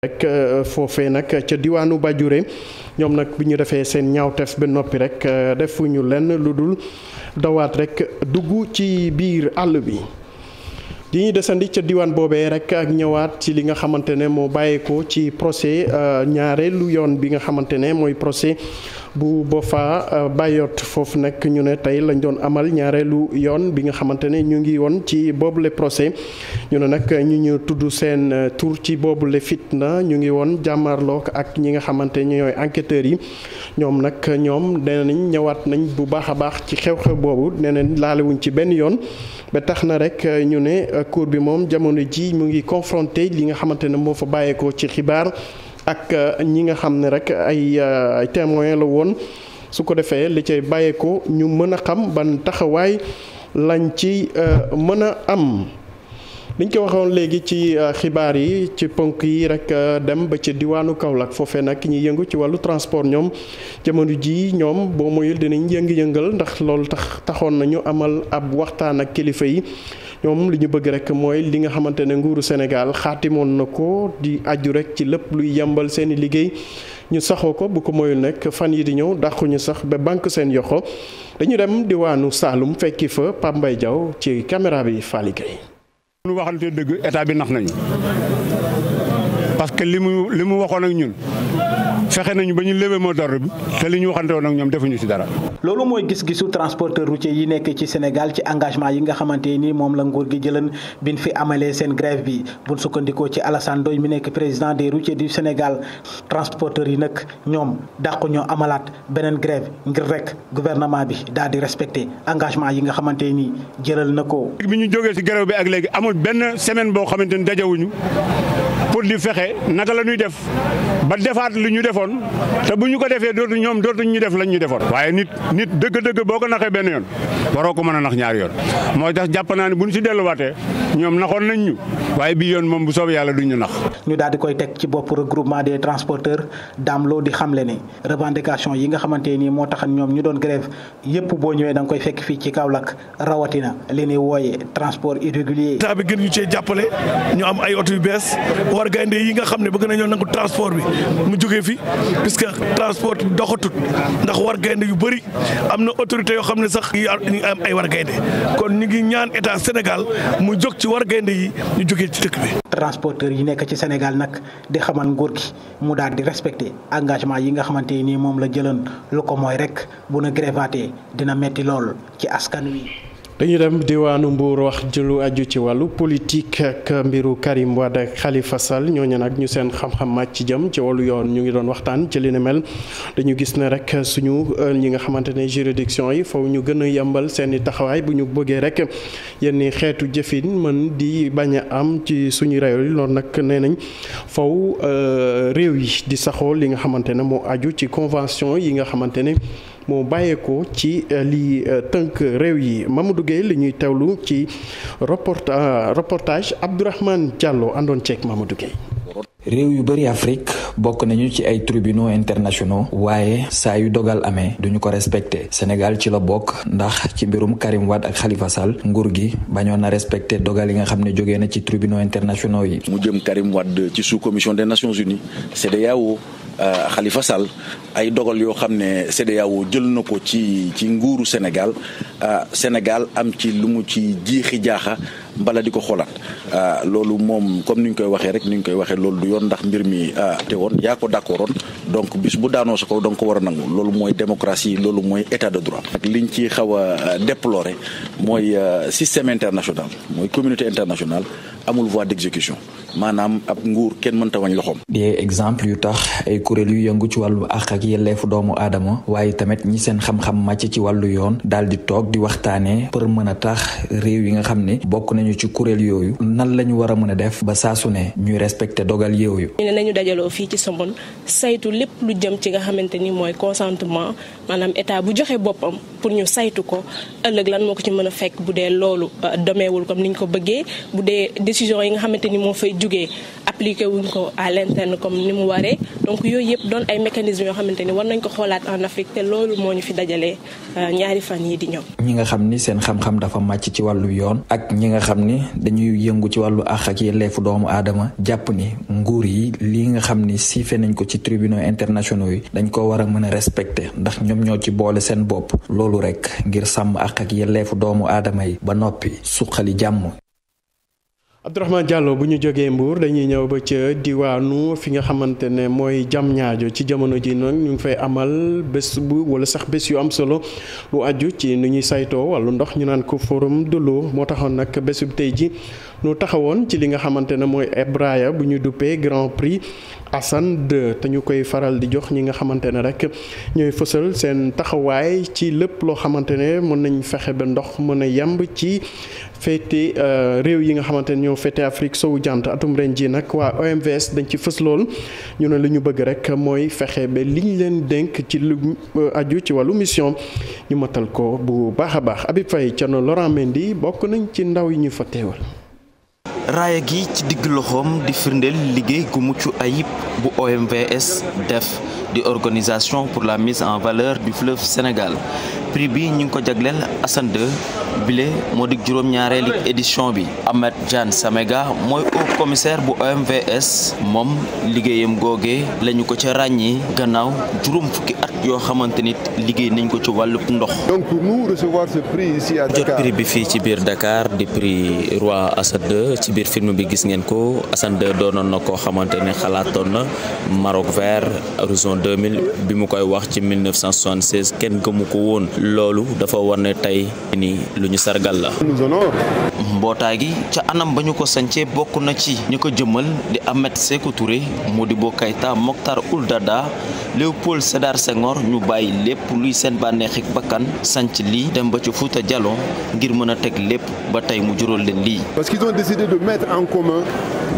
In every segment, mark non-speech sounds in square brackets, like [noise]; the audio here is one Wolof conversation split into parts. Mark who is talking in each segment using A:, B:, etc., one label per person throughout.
A: rek euh, foofe nag ca diwaanu Bajure ñoom nag bi ñu defee seen ñaawteef ba noppi rek euh, ñu lenn lu dul dawaat rek dugg ci biir àll bi di desandi ca diwaan boobee rek ak ñëwaat ci li nga xamante ne moo bàyyeekoo ci procès euh, ñaareelu yoon bi nga xamante ne mooy procès bu Bofa euh, Bayot foofu nag ñu ne tey lañ doon amal ñaareelu yoon bi nga xamante ne ñu ngi woon ci boobu boobule procès ñu ne nag ñu ñu tudd seen euh, tur ci fit fitna ñu ngi woon jàmmarloo ak ñi nga xamante ne ñooy enquêteurs yi ñoom nag ñoom nee nañ ñëwaat nañ bu baax a baax ci xew-xew boobu nee laalewuñ ci benn yoon ba tax na rek euh, ñu ne cour bi moom jamono ji mu ngi confronté li nga xamante ne moo fa bàyyeekoo ci xibaar. ak euh, ñi nga xam ne rek ay euh, ay témoin la woon su ko defee li cay bàyyeekoo ñu mën a xam ban taxawaay lañ ci euh, mën a am. niñ ko waxoon léegi ci euh, xibaar yi ci ponk yi rek euh, dem ba ci diwaanu Kaolack foofe nag ñi yëngu ci wàllu transport ñoom jamono ji ñoom boo moyul dinañ yëngu-yëngal ndax loolu tax taxoon nañu amal ab waxtaan ak kilifa yi ñoom li ñu bëgg rek mooy li nga xamante ne nguuru Sénégal xaatimoon na ko di aju rek ci lépp luy yembal seeni liggéey ñu saxoo ko bu ko moyul nekk fan yi di ñëw dàqu ñu sax ba banque seen yoxo dañu dem diwaanu Saalum fekki fa Pape Mbaye ci caméra bi Fally Gueye
B: ñu waxante dëgg état bi nax nañu parce que li mu li mu waxoon ak ñun fexe nañu ba ñu lever mot d'ordre bi te li ñu waxante woon ak ñoom defuñu ci dara.
C: loolu mooy gis-gisu transporteur routier yi nekk ci Sénégal ci engagement yi nga xamante ni moom la nguur gi jëlan bin fi amalee seen grève bi buñ sukkandikoo ci Alassane Ndoye mi nekk président des routiers du Sénégal transporteur yi nag ñoom daqu ñoo amalaat beneen grève ngir rek gouvernement bi daal di respecté engagement yi nga xamante nii jëlal na ko. bi ñu
B: jógee ci grève bi ak léegi amul benn semaine boo xamante ni dajawuñu pour di fexe naka la ñuy def ba defaat lu ñu defoon te bu ñu ko defee dootu ñoom dootu ñu def lañ ñu defoon. waaye nit nit dëgg-dëgg boo ko naxee benn yoon waroo ko mën a nax ñaari yoon moo tax jàpp naa ne bu ñu si delluwaatee ñoom naxoon nañ ñu waaye bii yoon moom bu soobee yàlla duñ ñu
C: ñu daal di koy teg ci bopp regroupement des transporteurs daamloo di xamle ni revendication yi nga xamante nii moo tax ñoom ñu doon grève yépp boo ñëwee da nga koy fekk fii ci Kaolack rawatina leen ñuy wooye transport irrégulier.
B: état bi gën ñu cee jàppale ñu am ay oto yu bees war gaynde yi nga xam ne bëgg nañoo nangu transport bi mu jógee fi puisque transport bi doxatut ndax war gaynde yu bëri am na autorité yoo xam ne sax ñu am ay war gaynde kon ñu ngi ñaan état Sénégal
C: mu jóg ci war gaynde yi ñu jógee ci dëkk bi. transporteur yi nekk ci Sénégal nag di xamal nguur gi mu daal di respecté engagement yi nga xamante nii moom la jëlan lu ko mooy rek bu na grévaté dina metti lool ci askan wi.
A: dañu dem diwaanu Mbour wax jëlu aju ci wàllu politique ak mbiru Karim Wade ak Khalifa Sall ñooñu nag ñu seen xam-xam ci jëm ci wàllu yoon ñu ngi doon waxtaan ci li mel dañu gis ne rek suñu euh, ñi nga xamante ne juridiction yi faw ñu gën a yembal seen i taxawaay bu ñu bëggee rek yenn xeetu jëfin mën di bañ a am ci suñu réew yi loolu nag nee nañ faw euh, réew yi di saxoo li nga xamante ne moo aju ci convention yi nga xamante ne moo bàyyeeko ci euh, lii euh, tënk réew yi Mamadou Gueye li ñuy teewlu ci reporta euh, reportage Abdourahmane Diallo àndoon ceeg Mamadou Gueye. réew yu bëri
D: Afrique bokk nañu ci ay tribunaux internationaux waaye saa yu dogal amee duñu ko respecté Sénégal ci la bokk ndax ci mbirum Karim Wade ak Khalifa Sall nguur gi bañoon na respecté dogal yi nga xam ne jógee na ci tribunaux internationaux yi. mu jëm Karim Wade ci sous commission des Nations Unies CEDEAO Euh, Khalifa Sall ay dogal yoo xam ne CEDEAO jël na ko ci ci nguuru Sénégal euh, Sénégal am ci lu mu ci jiixi jaaxa mbala di ko xoolaat ah, loolu moom comme ni ñu koy waxee rek ni ñu koy waxee loolu yoon ndax mbir mi ah, te woon yaa ko d'accordoon donc bis bu daanoo sa kaw da nga ko war a nangu loolu mooy démocratie loolu mooy état de droit. ak liñ ci xaw a ah, déplorer mooy système international mooy communauté internationale amul voie d'exécution maanaam ab nguur kenn mënta wañ loxoom. des exemples yu tax ay kuréel yu yëngu ci wàllu àq ak yelleefu doomu aadama waaye tamit ñi seen xam-xam màcc ci wàllu yoon daal di toog di waxtaanee a tax réew yi nga xam ne bokk bokkuñu ci kuréel yooyu nan lañu a mën a def ba saa su
E: ci Somone saytu lépp lu jëm ci nga xamante ni mooy consentement maanaam état bu joxe boppam pour ñu saytu ko ëllëg lan moo ko ci mën fekk bu dee loolu euh, domeewul comme ni ko bëggee bu dee décision yi nga xamante ni moo fay jugee appliqué wuñ ko à l'interne comme ni mu waree donc yooyu yëpp doon ay mécanismes yoo xamante ni war nañ ko xoolaat en Afrique te loolu moo ñu fi dajalee euh, ñaari fan yi di ñëw.
D: ñi nga xam ni seen xam-xam dafa màcc ci wàllu yoon ak ñi nga xam ni dañuy yëngu ci wàllu àq ak yelleefu doomu aadama jàpp ni nguur yi lii nga xam ni siife nañ ko ci tribunaux internationaux yi dañ ko war a mën a respecté ndax ñoom ñoo ci boole seen bopp loolu rek ngir sàmm àq ak yelleefu doomu aadama yi ba noppi suqali jàmm
A: Abdourahmane Diallo bu ñu jógee Mbour dañuy ñëw ba ca diwaanu fi nga xamante ne mooy jam ñaajo ci jamono ji nag ñu ngi fay amal bés bu wala sax bés yu am solo lu aju ci nu ñuy saytoo wàllu ndox ñu naan ko forum de l'eau moo taxoon nag bésu tey ji ñu taxawoon ci li nga xamante ne mooy Ebraya bu ñu duppee Grand Prix Assane 2 te ñu koy faral di jox ñi nga xamante ne rek ñooy fësal seen taxawaay ci lépp loo xamante ne mën nañu fexe ba ndox mën na yemb ci féete euh, réew yi nga xamante ne ñoo féete Afrique sowu jant atum ren ji nag waa OMVS dañ ci fës lool ñu ne li ñu bëgg rek mooy fexe ba liñ leen dénk ci lu euh, aju ci wàllu mission ñu matal ko bu baax a baax Habib Faye Thierno Laurent Mendy bokk nañ ci ndaw yi ñu fa teewal.
F: raaya gi ci digg loxoom di firndeel liggéey gu mucc ayib bu OMVS def di organisation pour la mise en valeur du fleuve Sénégal. prix bi ñu ngi ko jagleel Assane 2 moo di juróom-ñaareeli édition bi Ahmed Diane Samega mooy haut commissaire bu OMVS moom liggéeyam googe lañu ko ci ràññi gannaaw juróom fukki at yoo xamante nit liggéey nañ ko ci wàllub ndox. donc pour jot prix bi fii ci biir Dakar di prix roi Assane 2 ci biir film bi gis ngeen ko Assane 2 doonoon na koo xamante ne xalaatoon na Maroc vert horizon 2000 bi mu koy wax ci 1976 kenn gëmu ko woon. loolu dafa war ne tey ni lu ñu sargal la mbootaay gi ca anam ba ñu ko sancee bokk na ci ñu ko jëmal di Ahmed Sékou Touré Modibo Keïta Mokhtar Ould Daddah Léopold Sédar Senghor ñu bàyyi lépp luy seen bànneexik bakkan sanc lii dem ba ci Fouta jaloo ngir mën a teg lépp ba tey mu jural leen lii parce qu'ils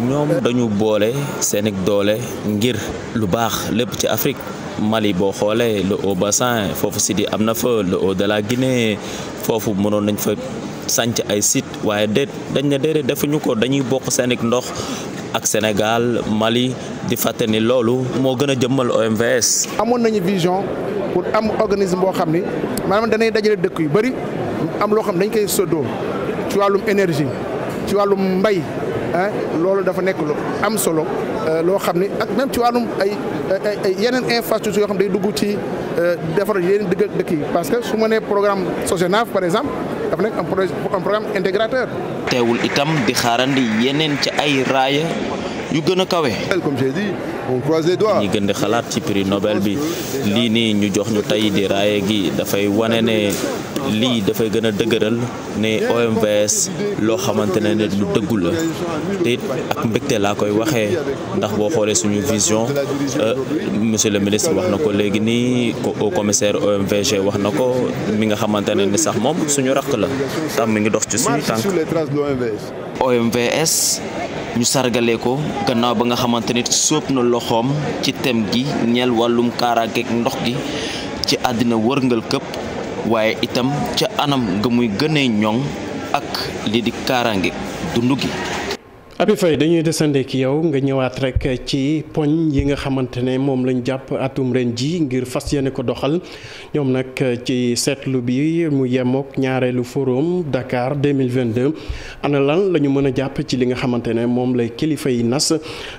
F: ñoom dañu boole seen doole ngir lu baax lépp ci Afrique Mali boo xoolee le haut foofu Sidi am na fa le haut de foofu mënoon nañ fa sànc ay site waaye déet dañ ne déedéet defuñu ko dañuy bokk seen ndox ak Sénégal Mali di fàtte ni loolu moo gën a jëmmal OMVS.
G: amoon nañu vision pour am organisme boo xam ni maanaam danay dajale dëkk yu bëri am loo xam dañ koy soddoo ci wàllum énergie ci wàllum mbay ah loolu dafa nekk lu am solo. Euh, loo xam ne ak même ci wàllum ay ay yeneen infrastructure yoo xam ne day dugg ci euh, defar yeneen dëkk dëkk yi parce que su ma nee programme SOGENAF par exemple dafa nekk un programme intégrateur.
F: teewul itam di xaarandi yeneen ci ay raaya yu gën a kawe. comme ñu gën di xalaat ci prix Nobel bi lii nii ñu jox ñu tey di raaye gi dafay wane ne lii dafay gën a dëgëral ne OMVS loo xamante ne ne lu dëggu la te it ak mbégte laa koy waxee ndax boo xoolee suñu vision euh, monsieur le ministre wax na ko léegi nii au commissaire OMVG wax na ko mi nga xamante ne ni sax moom suñu rakk la tam ngi dox ci suñu tànk OMVS ñu sargalee ko gannaaw ba nga xamante ni sóob na loxoom ci tem gi ñeel wàllum kaaraangeeg ndox gi ci àddina wërngal këpp waaye itam ca anam nga muy gënee ñoŋ ak lii di kaaraangeeg
A: dund gi. Abi Faye dañuy desandi ki yow nga ñëwaat rek ci poñ yi nga xamante ne moom lañ jàpp atum ren ji ngir fas yéene ko doxal ñoom nag ci seetlu bi mu yemook ñaareelu forum Dakar 2022 ana lan la ñu mën a jàpp ci li nga xamante ne moom lay kilifa yi nas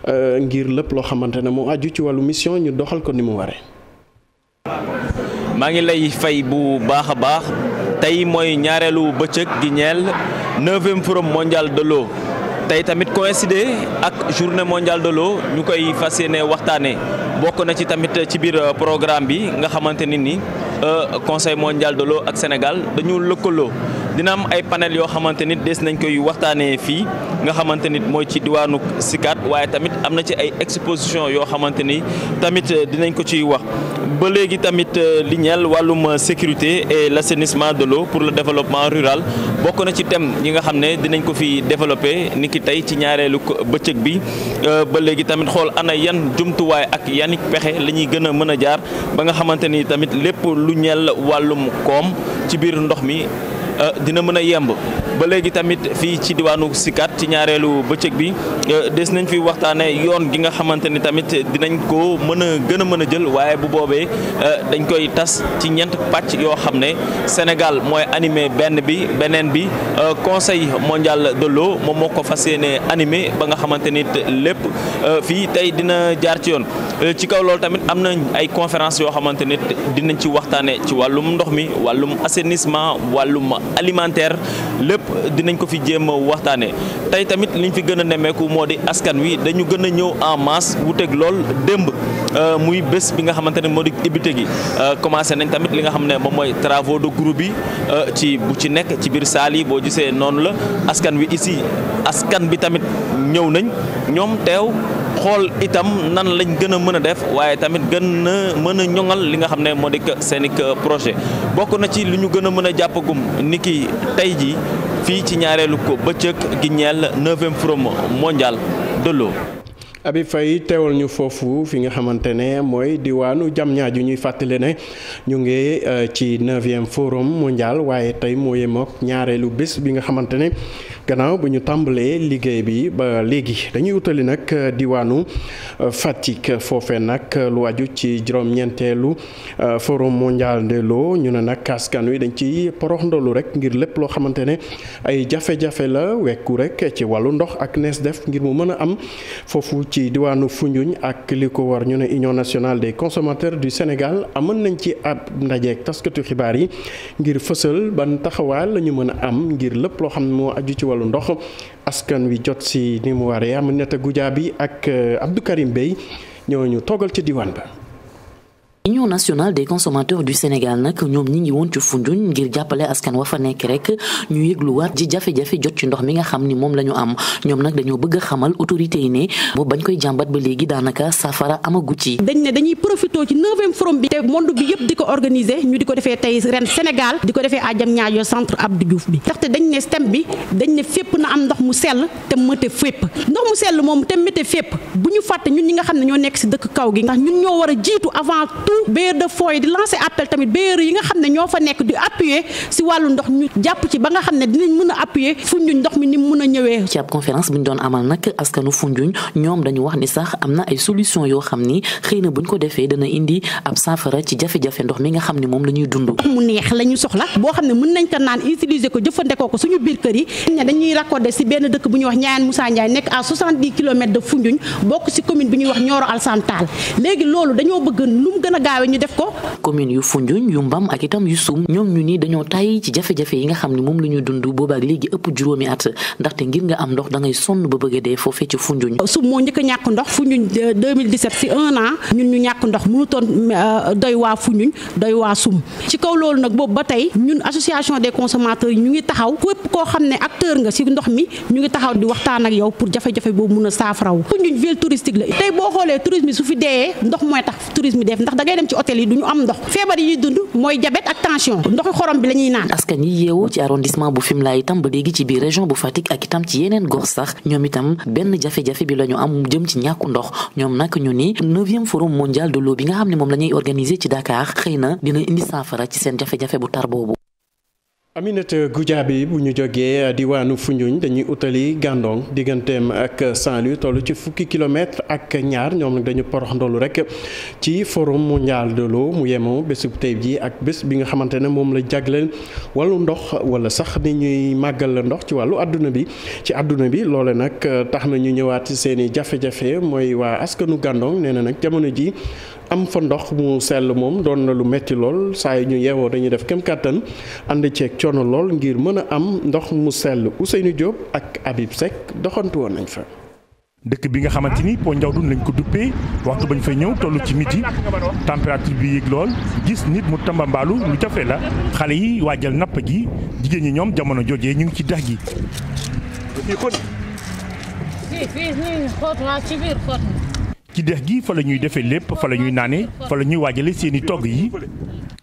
A: euh, ngir lëpp loo xamante ne mu aju ci wàllu mission ñu doxal ko ni mu ware
F: maa ngi lay fay bu baax a baax tey mooy ñaareelu bëccëg gi ñeel neuvième forum mondial de tey tamit coïncider ak journée mondiale de l'eau ñu koy fas yéene waxtaanee bokk na ci tamit ci biir programme bi nga xamante nit ni Euh, conseil mondial de l'eau ak Sénégal dañu lëkkaloo dina am ay panel yoo xamante ni des nañ koy waxtaanee fii nga xamante ni mooy ci diwaanu Sikat waaye tamit am na ci ay exposition yoo xamante ni tamit euh, dinañ ko ci wax ba léegi tamit euh, li ñeel wàllum sécurité et l'assainissement de l'eau pour le développement rural bokk na ci thème yi nga xam ne dinañ ko fi développer ni ki tey ci ñaareelu bëccëg bi ba léegi tamit xool ana yan jumtuwaay ak yanik pexe la ñuy lu ñel wàllum koom ci biir ndox mi Euh, dina mën a yemb ba léegi tamit fii ci diwaanu Sikat ci ñaareelu bëccëg bi euh, des nañ fi waxtaane yoon gi nga xamante ni tamit dinañ ko mën a gën a mën a jël waaye bu boobee euh, dañ koy tas ci ñeent pàcc yoo xam ne Sénégal mooy animé benn bi beneen bi conseil mondial de l'eau moom moo ko fas yéene anime ba nga xamante ni lépp fii tey dina jaar ci yoon ci kaw loolu tamit am nañ ay conférence yoo xamante ni dinañ ci waxtaane ci wàllum ndox mi wàllum assainissement wàllum alimentaire lépp dinañ ko fi jéem a waxtaanee tey tamit liñ fi gën a nemmeeku moo di askan wi dañu gën a ñëw en masse wuteeg lool démb euh, muy bés bi nga xamante ne moo di ibite gi euh, commencé nañ tamit li nga xam ne moom mooy travaux de groupe yi euh, ci bu ci nekk ci biir saal yi boo gisee noonu la askan wi ici askan bi tamit ñëw nañ ñoom teew. xool itam nan lañ gën a mën a def waaye tamit gën a mën a ñoŋal li nga xam ne moo di seen projet bokk na ci lu ñu gën a mën a jàppagum ni ki tey jii fii ci ñaareelu ko bëccëg gi ñeel neuvième forum mondial de l'eau
A: Abi Faye teewal ñu foofu fi nga xamante ne mooy diwaanu Diamniadio ñuy fàttali ne ñu ngi euh, ci neuvième forum mondial waaye tey moo yem ñaareelu bés bi nga xamante ne gannaaw bu ñu tàmbalee liggéey bi ba léegi dañuy wutali nag euh, diwaanu euh, Fatick foofe nag euh, lu aju ci juróom-ñeenteelu forum mondial de l'eau ñu ne nag askan wi dañ ci porox ndolu rek ngir lépp loo xamante ne ay jafe-jafe la wekku rek ci wàllu ndox ak nees def ngir mu mën a am foofu ci diwaanu Foundiougne ak li ko war ñu ne Union nationale des consommateurs du Sénégal amoon nañ ci ab ndajeek taskatu xibaar yi ngir fësal ban taxawaay la mën a am ngir lépp loo wàllu ndox askan wi jot si ni mu waree Aminata Goudiaby ak euh, Abdou Karim Bey ñoo ñu toogal ci diwaan ba. union nationale des consommateurs du Sénégal nag ñoom ñi
H: ngi woon ci Foundiougne ngir jàppale askan wa fa nekk rek ñu yëgluwaat ji jafe-jafe jot ci ndox mi nga xam ni moom la ñu am ñoom nag dañoo bëgg xamal autorité yi ne boobu bañ koy jàmbat ba léegi daanaka safara amagu ci dañ ne dañuy profité ci neuvième forum bi te monde bi yëpp di ko organiser ñu di ko defee tey
E: ren Sénégal di ko defee à Diamniadio centre Abdou Diouf bi ndaxte dañ ne stem bi dañ ne fépp na am ndox mu sell te mëte fépp ndox mu sell moom te fépp bu ñu fàtte ñun ñi nga xam ne ñoo nekk si dëkk kaw gi ndax ñun ñoo war avant surtout bailleurs di lancer appel tamit bailleurs yi nga xam ne ñoo
H: fa nekk di appuyer si wàllu ndox ñu jàpp ci ba nga xam ne dinañ mën a appuyer Foundiougne ndox mi ni mu mën a ñëwee. ci ab conférence bu ñu doon amal nag askanu Foundiougne ñoom dañu wax ni sax am na ay solution yoo xam ni xëy na ñu ko defee dana indi ab saafara ci jafe-jafe ndox mi nga xam ne moom la ñuy dund. ndox mu
E: neex la ñu soxla boo xam ne mën nañ
H: ko naan utiliser ko jëfandikoo ko suñu biir kër yi ne dañuy raccordé si
E: benn dëkk bu ñuy wax Niayane Moussa Ndiaye nekk à 70 bokk si commune bi ñuy wax Nioro Alassane gaawee ñu def ko.
H: commune yu Foundiougne yu Mbam ak itam yu Soum ñoom ñu ni dañoo tàyyi ci jafe-jafe yi nga xam ne moom la ñuy dund boobaak léegi ëpp juróomi at ndaxte ngir nga a dee foofee ci Foundiougne.
E: Soum moo njëkk a ñàkk ndox Foundiougne 2017 euh, si un an ñun ñu ñàkk ndox mënutoon euh, doy waa Foundiougne doy waa Soum ci kaw loolu nag boobu ba tey ñun association des consommateurs ñu ngi taxaw képp koo xam ne acteur nga si ndox mi ñu ngi taxaw di waxtaan ak yow pour jafe-jafe boobu mun a saafaraw Foundiougne ville touristique la tey boo xoolee tourisme su fi deeyee ndox mooy tax tourisme def ndax ngay dem ci hôtel yi du ñu am ndox feebar yi dund mooy diabète ak tension
H: ndoxu xorom bi la ñuy naan askan yi yeewu ci arrondissement bu laa itam ba léegi ci biir région bu Fatick ak itam ci yeneen gox sax ñoom itam benn jafe-jafe bi la ñu am jëm ci ñàkku ndox ñoom nag ñu ni neuvième forum mondial de l'eau bi nga xam ne moom la ñuy organiser ci dakaar xëy na dina indi saafara ci seen jafe-jafe bu tar boobu
A: Aminata Goudiaby bu ñu jógee diwaanu Foundiougne dañuy utali Gandon digganteem ak Saint-Louis toll ci fukki kilomètre ak ñaar ñoom nag dañu porox ndolu rek ci forum mondial de l'eau mu yemoo bésub tey jii ak bés bi nga xamante ne moom la jagleel wàllu ndox wala sax ni ñuy màggal ndox ci wàllu àdduna bi ci àdduna bi loole nag tax na ñu ñëwaat ci seeni jafe-jafe mooy waa askanu Gandon nee na nag jamono ji am fa ndox mu sell moom doon na lu metti lool saa yi ñu yeewoo dañuy def kem kàttan ànd ceeg coono lool ngir mën a am ndox mu sell Ousseynou Diop ak abib Seck doxantu woon nañ fa. dëkk bi nga xamante ni Po Ndiawdoune lañ ko duppee waxtu
B: bañ fay ñëw toll ci miti température bi yéeg lool gis nit mu tambambaalu lu jafe la xale yi waajal napp gi jigéen ñi ñoom jamono jooje ñu ngi ci dex gi. ci dex gi fa la ñuy defee lépp fa la ñuy naane fa ñuy waajale seen i togg yi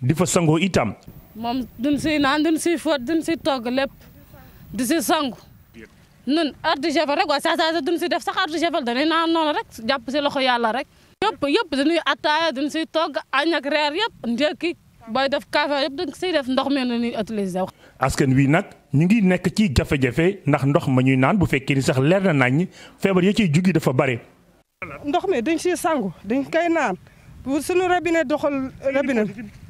B: di fa sangoo itam.
E: moom duñ siy naan duñ siy fóot duñ siy togg lépp di si sangu nun ardu jafal rek waaye saa saa si def sax ardu jafal dañuy naan noonu rek jàpp si loxo yàlla rek. yëpp yëpp dañuy attaaya duñ siy togg añ ak reer yëpp ndékki booy def café yëpp dañ siy def ndox mi la ñuy utiliser.
B: askan wi nag ñu ngi nekk ci jafe-jafe ndax ndox ma ñuy naan bu fekkee ni sax leer na nañ feebar yoo ciy juggi dafa bare.
E: ndox mi dañ siy sangu dañ koy naan pour suñu robinet doxal robinet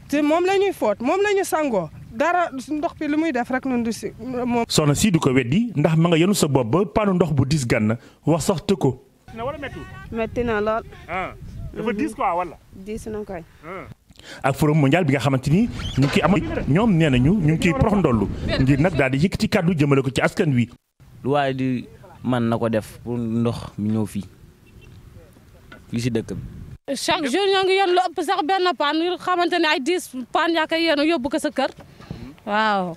E: te moom la ñuy foot moom la ñuy sangoo dara ndox bi li muy def rek noonu du si
B: moom. soxna sii du ndax ma nga sa bopp ba ndox bu diis gànn wax sax ko.
E: na wala métti. métti na lool. Ah,
B: dafa diis na koy. Ah. ak forum mondial bi nga xamante ni ñu ki ciy am ñoom nee nañu ñu ngi ciy prox ndollu ngir nag daal di ci kàddu jëmale ko ci askan wi. lu waaye
F: di man na ko def pour ndox mi ñëw fii. fii si dëkk bi.
E: chaque jour ñoo ngi yoon lu sax benn paan yu ay dix paan yaa koy yéen yóbbu ko sa
B: kër waaw.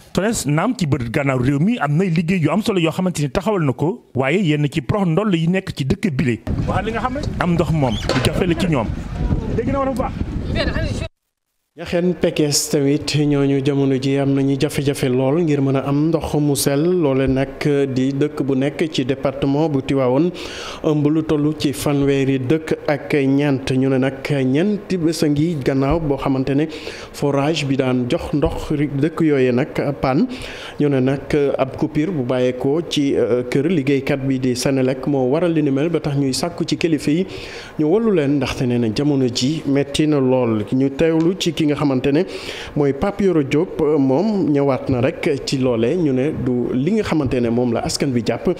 B: naam ci bët gànnaaw réew mi am nay liggéey yu am solo yoo xamante ni taxawal na ko waaye yenn ci prox ndoll yi nekk ci dëkk bile. waaw li nga xam am ndox moom lu jafe la ci
A: ñoom. ñaxeen pekes tamit ñooñu jamono ji am nañu jafe-jafe lool ngir mën a am ndox mu sell loole nag di dëkk bu nekk ci département bu Tivaouane ëmb lu tollu ci fanweeri dëkk ak ñeent ñu ne nag ñeenti bés a ngi gannaaw boo xamante ne forage bi daan jox ndox dëkk yooyee nag panne ñu ne nag ab coupure bu bàyyeekoo ci euh, kër liggéeykat bi di Senelec moo waral li ni ba tax ñuy sàkku ci kilifa yi ñu wallu leen ndaxte nee na jamono ji metti na lool ñu teewlu ci ki nga xamante ne mooy Pape Yoro Diop moom ñëwaat na rek ci loolee ñu ne du li nga xamante ne moom la askan bi jàpp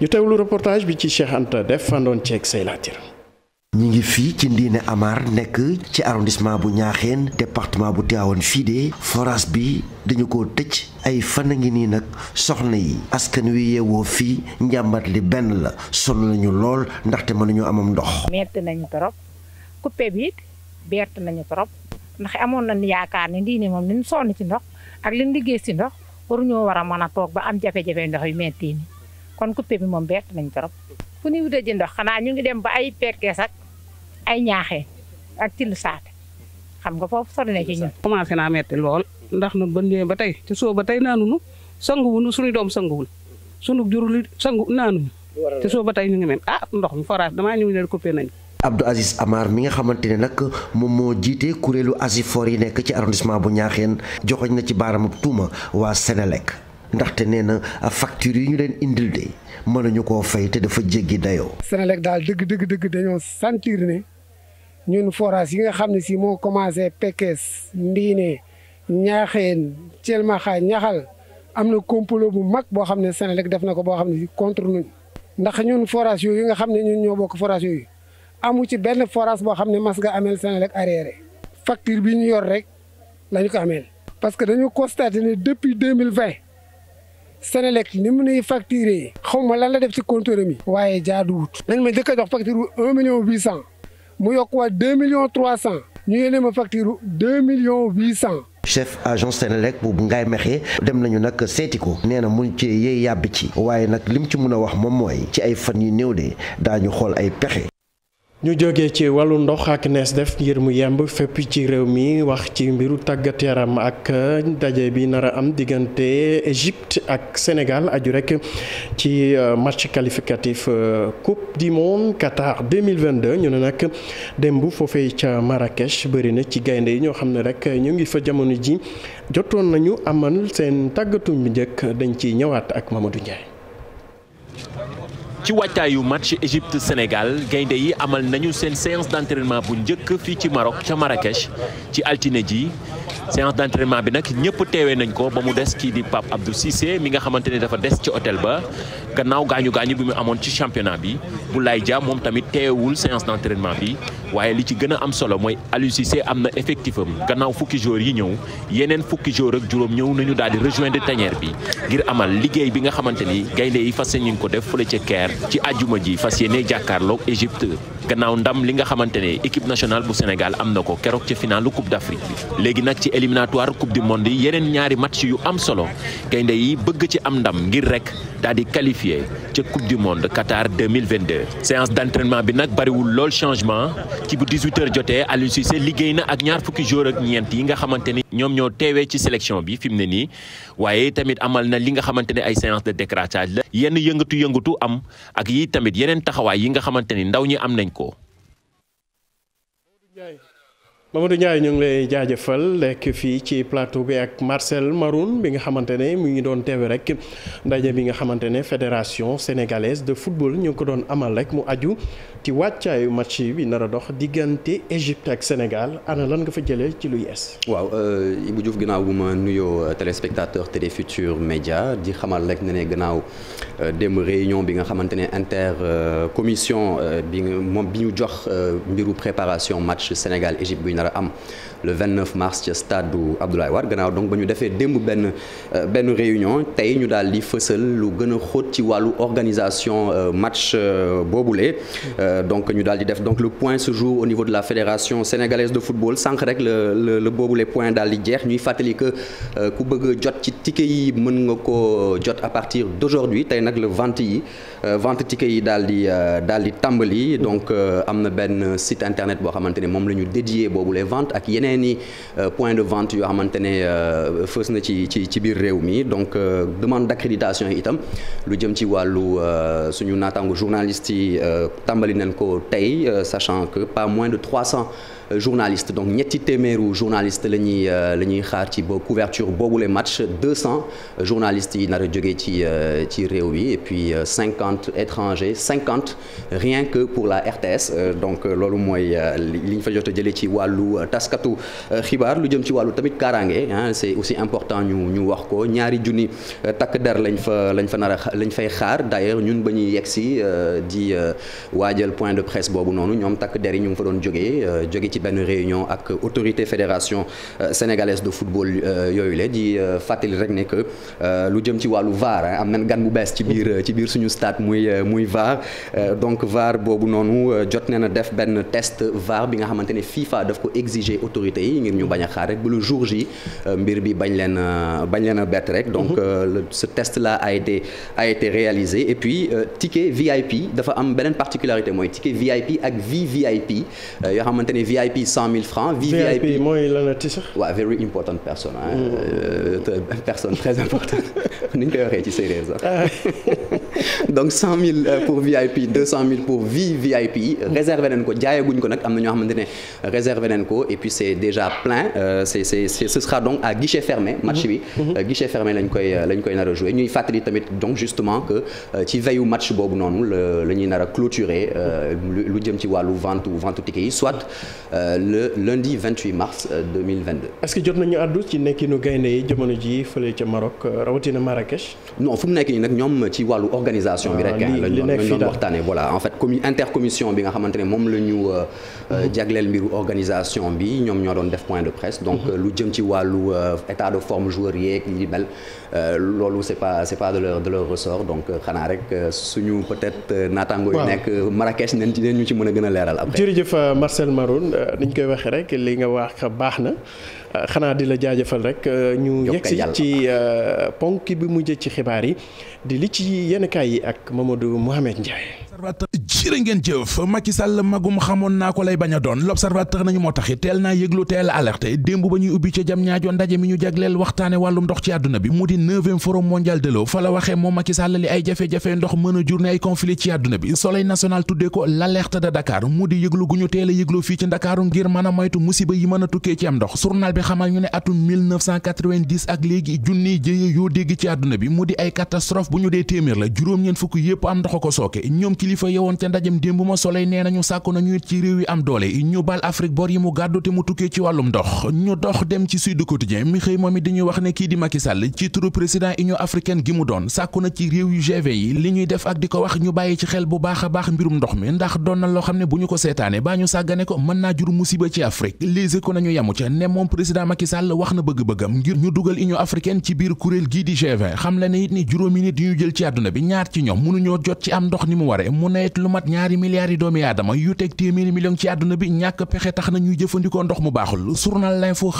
A: ñu teewlu reportage bi ci Cheikh Anta def àndoon ceeg say laatir
G: ñi ngi fii ci
D: Ndiéné Amar nekk ci arrondissement bu Ñaaxeen département bu Tivaouane fii de forage bi dañu ko tëj ay fan a ngi nii nag soxna yi askan wi yeewoo fii njàmbat li benn la sonn nañu lool ndaxte mënuñu amam ndox.
E: metti ndax amoon nañ yaakaar ne ndii ne moom liñ sonn ci ndox ak liñ liggéey si ndox waruñoo war a mën a toog ba am jafe-jafe ndox yu metti ni kon coupé bi moom bett nañ trop. fu ñuy wute ji ndox xanaa ñu ngi dem ba ay perkees ak ay ñaaxee ak tillu saate xam nga foofu sori na ci ñun. commencé naa metti lool ndax nag ba ba tey te soo ba tey nu naanunu sanguwunu suñu doom sanguwul sunu jur li sangu naanunu te soo ba tey ñu ngi mel ah ndox mi forage damaa ñëw ne coupé nañ
D: abdu Aziz Amar mi nga xamante ne nag moom moo jiite kuréelu Asifor yi nekk ci arrondissement bu Ñaaxeen joxoñ na ci baaraamub tuuma waa Senelec ndaxte nee na facture yi ñu leen indil de ñu koo fay te dafa jéggi dayoo.
A: Senelec daal dëgg dëgg dëgg dañoo sentir ne ñun forage yi nga xam ne si moo commencé Pekes Ndiine Ñaaxeen Thielmaxa Ñaxal am na complot bu mag boo xam ne Senelec def na ko boo xam ne contre ñun ndax ñun forage yooyu nga xam ne ñun ñoo bokk forage yooyu. amul ci benn forage boo xam ne mas nga ameel Senelec arriéré facture bi ñu yor rek lañu ko ameel parce que dañu constaté ne depuis deux mille vingt Senelec ni mu nuy facturé xaw ma lan la def ci compteur mi waaye jaaduwut nañ ma njëkk a jox facture bu un cent mu yokk waa deux millions cent ñu yéene ma facture deux millions huit cent
D: chef agence Senelec bu ngay Mekhe dem nañu nag seeti ko nee na mun ci yee yàbbi ci waaye nag lim ci mun a wax moom mooy ci ay fan yu néew de daañu xool ay pexe
A: ñu jógee ci wàllu ndox ak nees def ngir mu yemb fépp ci réew mi wax ci mbiru tàggat yaram ak euh, daje bi nar a am diggante Égypte ak senegal aju rek ci euh, match qualificatif euh, Coupe du Monde Qatar 2022 ñu ne nag démb foofee ca Marrakech bëri na ci gaynde yi ñoo xam ne rek ñu ngi fa jamono ji jotoon nañu amal seen tàggatu njëkk dañ ci ñëwaat ak Mamadou Ndiaye.
I: ci yu match Égypte Sénégal gaynde yi amal nañu seen séance d'entraînement bu njëkk fii ci Maroc ca Marrakech ci altine ji séance d'entraînement bi nag ñëpp teewee nañ ko ba mu des kii di Pape Abdou Cissé mi nga xamante ne dafa des ci hôtel ba gannaaw gaañu gaañu bi mu amoon ci championnat bi bu Dia moom tamit teewul séance d'entraînement bi waaye li ci gën a am solo mooy Aliou Cissé am na effectif am gannaaw fukki joueurs yi ñëw yeneen fukki joueurs ak juróom ñëw nañu daal di rejoindre tanière bi. ngir amal liggéey bi nga xamante ni gaynde yi fas yéene ko def fële ca ker ci ajuma ji fas yéene jàkkaarloog Égypte gannaaw ndam li nga xamante ne équipe nationale bu Sénégal am na ko keroog ca finalu Coupe d'Afrique bi. léegi nag ci éliminatoire Coupe du monde yeneen ñaari match yu am solo gaynde yi bëgg ci am ndam ngir rek. daal di qualifié ca coupe du monde Qatar 2022. séance d' entraînement bi nag bariwul lool changement ci bu 18 jotee Aliou liggéey na ak ñaar fukki joueur ak ñeent yi nga xamante ni ñoom ñoo teewee ci sélection bi fi ne nii waaye tamit amal na li nga xamante ne ay séance de décrassage la. yenn yëngatu-yëngatu am ak yi tamit yeneen taxawaay yi nga xamante ni ndaw ñi am nañ ko.
A: Mamadou Ndiaye ñu ngi lay jaajëfal lekk fii ci plateau bi ak Marcel Maroun bi nga xamante ne mu ngi doon teewe rek ndaje bi nga xamante ne fédération sénégalaise de football ñu ngi ko doon amal rek mu aju ci wàccaayu match bi nar a dox diggante Égypte ak Sénégal ana lan nga fa jëlee ci luy yees.
J: waaw euh, Ibou Diouf ginnaaw bu ma nuyoo euh, téléspectateur Télé Futurs média di xamal rek ne ne gannaaw euh, démb réunion bi nga xamante ne inter commission bi moom bi ñu jox mbiru préparation match Sénégal Égypte nar a am le 29 mars ca stade bu Abdoulaye Wade gannaaw donc ba ñu defee démb benn euh, benn réunion tey ñu daal di fësal lu gën a xóot ci wàllu organisation euh, match euh, boobule donc ñu daal di def donc le point se joue au niveau de la fédération sénégalaise de football sànq rek le le boobule point daal di jeex ñuy fàttali que ku bëgg jot ci ticket yi mën nga ko jot a partir d'aujourd'hui tey nag le vente yi vente ticket yi daal di daal di tàmbali donc am na benn site internet boo xamante ne moom lañu dédié ou les ventes ak yeneen i euh, point de vente yoo xamante ne euh, fës na ci ci ci biir réew mi donc euh, demande d'accréditation itam lu jëm ci wàllu suñu naataango journalistes yi tàmbali nañ ko tey sachant que pas moins de 300 journalistes donc ñetti téeméeru journaliste la ñuy euh, la ñuy xaar ci ba couverture boobule match 200 euh, journalistes yi nar a jógee ci euh, ci réew yi et puis 50 étrangers 50 rien que pour la RTS donc loolu mooy li ñu fa jot a jëlee ci wàllu taskatu xibaar lu jëm ci wàllu tamit kaaraange ah c'est aussi important ñu ñu wax ko ñaari junni takk der lañ fa lañ fa nar a lañ fay xaar d'ailleurs ñun ba ñuy yegsi di waajal point de presse boobu noonu ñoom takk der yi ñu ngi fa doon jógee jóge ci ci benn réunion ak autorité fédération euh, sénégalaise de football euh, yooyu la di euh, fàttali rek ne que lu jëm ci wàllu VAR am na gan bu bees ci biir ci biir suñu stade muy muy VAR donc VAR boobu noonu jot na def benn test VAR bi nga xamante ne FIFA daf ko exiger autorités yi ngir ñu baña a xaar rek bu le jour J mbir bi bañ leen bañ leen a bett rek donc mhm. ce test la a été a été réalisé et puis ticket VIP dafa am beneen particularité mooy ticket VIP ak VVIP yoo xamante ne VIP 100000 francs. VIP VIP mooy lan la ti sax. waaw very important person ah. personne très importante [laughs] ni ñu koy waxee ci séeréer sax. Ah. [laughs] [laughs] donc cent mille euh, pour VIP deux cent mille réservé nañ ko jaayaguñ ko nag am na ñoo xamante ne réservé nañ ko et puis c'est déjà plein euh, c'est c'est ce sera donc à guichet fermé match bi mm-hmm. Mm-hmm. Euh, guichet fermé lañ koy lañ nar a jouer ñuy fàttali tamit donc justement que ci veyu match boobu noonu la ñuy nar lu jëm ci wàllu vente vente ticket yi soit le lundi 28 mars 2022. est-ce que jot nañu àddu ci nekkinu gaynde yi jamono ji fële ca Maroc rawatina Marrakech. non fu mu nekk nii organisation bi rek. Ah, li li nekk fii daal voilà en fait intercommission bi nga xamante ne moom la ñu euh, Euh, jagleel mbiru organisation bi ñoom ñoo doon def point de presse donc mhm. euh, lu jëm ci wàllu euh, état de forme joueur yeeg li mel loolu c'est pas c'est pas de leur de leur ressort donc xanaa rek suñu peut-être naataango yu nekk Marrakech nañ ci ñu ci mën a gën a leeral après
A: jërëjëf Marcel Maroun niñ koy waxee rek li nga wax baax na xanaa di la jaajëfal rek ñu yegsi ci ponk bi mujj ci xibaar yi di li ci yenn kaay yi ak
G: Mamadou Mohamed Ndiaye l'observateur jërë ngeen jëf Macky Sall magum xamoon naa ko lay bañ a doon l'observateur nañu moo taxi teel naa yëglu teel alerte démb ba ñuy ubbi ca jam ñaajoo ndaje mi ñu jagleel waxtaane wàllum ndox ci àdduna bi mu di neuvième forum mondial de l'eau waxee moom Macky Sall li ay jafe-jafe ndox mën a ay conflit ci àdduna bi soleil national tuddee ko l'alerte de Dakar mu di yëglu gu ñu teel a yëglu fii ci Ndakaaru ngir mën moytu musiba yi mën tukkee ci am ndox kilifa yowoon ca ndajam démb ma soley nee nañu sàkku nañu it ci réew yi am doole ñu baal Afrique bor yi mu gàddu te mu tukkee ci wàllum ndox ñu dox dem ci Sud Quotidien mi xëy moom it di ñu wax ne kii di Macky Sall ci turu président union africaine gi mu doon sàkku na ci réew yu G20 yi li ñuy def ak di ko wax ñu bàyyi ci xel bu baax a baax mbirum ndox mi ndax doon na loo xam ne bu ñu ko seetaane baa ñu sàggane ko mën naa jur musiba ci Afrique lise ko nañu yamu wax na bëgg-bëggam ngir ñu dugal union africaine ci biir kuréel gii di G20 xam la ne it ni juróomi nit yu ñu jël bi ñaar ci ñoom mënuñoo jot am ndox ni mu mu ne mat ñaari milliards yi doomi aadama yu teg téeméeri bi ñàkk pexe tax na ñuy jëfandikoo ndox mu baaxul journal l'info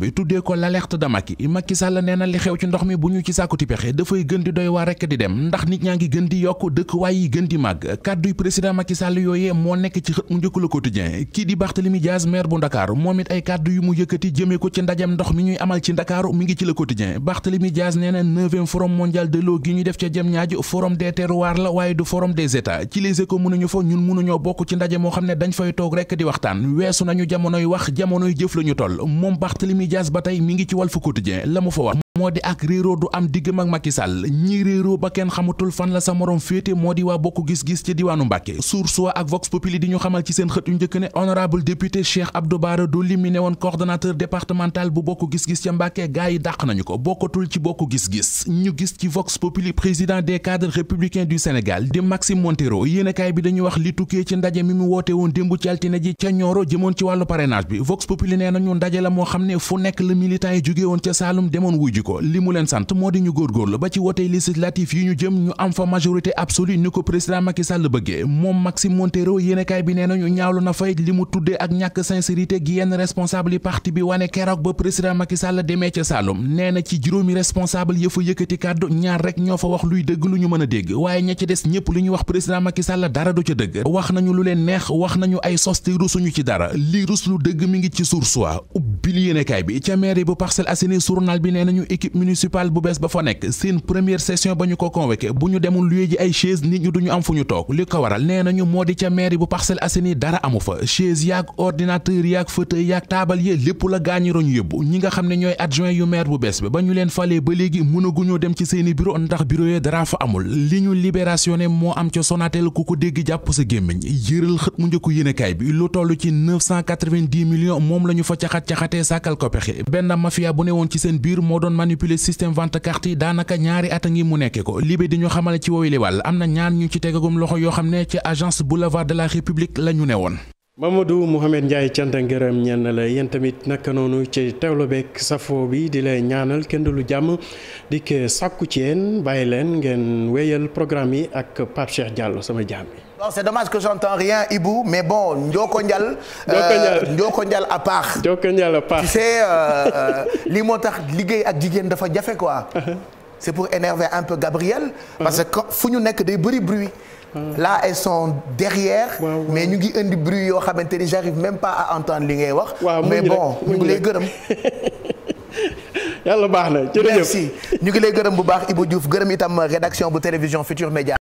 G: bi tuddee ko l'alerte de Macky Macky Sall nee na li ci ndox mi bu ñu ci sàkkuti pexe dafay gën di doy waar rekk di dem ndax nit ñaa ngi gën di yokk dëkkuwaay yi gën di màgg kàdduy président Macky Sall yooyee moo nekk ci xët mu njëkk Le Quotidien kii di Barthélémy Dias maire bu Ndakaaru moom it ay kàddu yu mu yëkkati jëmee ko ci ndajam ndox mi ñuy amal ci Ndakaaru mi ngi ci Le Quotidien Barthélémy Dias nee na neuvième mondial de l'eau gi ñu def ca jëm ñaaju forum des terroirs la waaye du forum des états ci les échos mënuñu fa ñun mënuñoo bokk ci ndaje moo xam ne dañ fay toog rekk di waxtaan weesu nañu jamonoy wax jamonoy jëf la ñu toll moom Barthélémy Dias ba tey mi ngi ci Walf Quotidien la mu fa wax moo di ak réeroo du am diggam ak Macky Sall ñi réeroo ba kenn xamatul fan la sa moroom féete moo di waa bokk gis-gis ci diwaanu Mbàkke source wa ak Vox Populi di ñu xamal ci seen xët yu njëkk ne honorable député Cheikh Abdou Bara Dolly mi ne woon coordonnateur départemental bu bokk gis-gis ca Mbàkke gaa dàq nañu ko bokkatul ci bokk gis-gis ñu gis ci Vox Populi président des cadres républicains du Sénégal di Maxime Montero yéenekaay bi dañuy wax li tukkee ci ndaje mi woote woon démbu ci altine ji ca Nioro jëmoon ci wàllu parrainage bi Vox Populi moo xam ne fu nekk la militant yi jógee woon ca ji ko li mu leen sant moo di ñu góorgóorlu ba ci wotey législatif yi ñu jëm ñu am fa majorité absolue ni ko président Macky Sall bëggee moom Maxime Montero yéenekaay bi nee na ñu ñaawlu na fay li mu tuddee ak ñàkk sincérité gi yenn responsable yi parti bi wane keroog ba président Macky Sall demee ca Saloum nee na ci juróomi responsable yëfa yëkkati kàddu ñaar rek ñoo fa wax luy dëgg lu ñu mën a dégg waaye ña ci des ñëpp li ñu wax président Macky Sall mi ngi ci sursoi ubbil yéenekaay bi équipe municipale bu bees ba fa nekk seen première session ba ñu ko convoqué bu ñu demul luye ji ay chaise nit ñu duñu am fu ñu toog li ko waral nee nañu moo di ca mairie bu Parcelles Assainies dara amu fa chaise yaag ordinateur yaag fauteuil yaag taabal ya lépp la gaañiroñ yóbbu ñi nga xam ne ñooy adjoint yu maire bu bees bi ba ñu leen falee ba léegi mënaguñoo dem ci seeni bureau ndax bureau ya dara fa amul li ñu libération ne moo am ca Sonatel ku ko dégg jàpp sa gémmiñ yëral xët mu njëkku yéenekaay bi lu toll ci 990 millions moom la ñu fa caxat-caxatee sàkkal ko pexe benn mafia bu ne manipuler système vente carte yi daanaka ñaari at a ngi mu nekke ko libe di ñu xamal ci woowu li wàll am na ñaan ñu ci tegagum loxo yoo xam ne ci agence boulevard de la république la ñu ne woon
A: Mamadou Mouhamed Ndiaye cant ak ngërëm ñenn la yéen tamit naka noonu ci teewlu beeg safo bi di lay ñaanal kenn du jàmm di ko sàkku ci yéen bàyyi leen ngeen wéyal programme yi ak Pape Cheikh Diallo sama jaam bi
G: bon c'est dommage que j'entends rien Ibou mais bon njooko Njal.
A: Njoko Njal à paax Njoko Njal à part tu sais euh, euh,
G: li moo tax liggéey ak jigéen dafa jafe quoi. Uh-huh. c'est pour énerver un peu Gabriel. parce que fu ñu nekk day bëri bruit. Uh-huh. là elles sont derrière. Ouais, mais ñu ngi indi bruit yoo xamante ni j'arrive même pas à entendre li ngay wax. mais bon ñu ngi lay gërëm. [laughs] yàlla
B: baax na jërëjëf merci ñu ngi lay gërëm bu baax Ibou Diouf gërëm itam rédaction bu télévision Futur Média.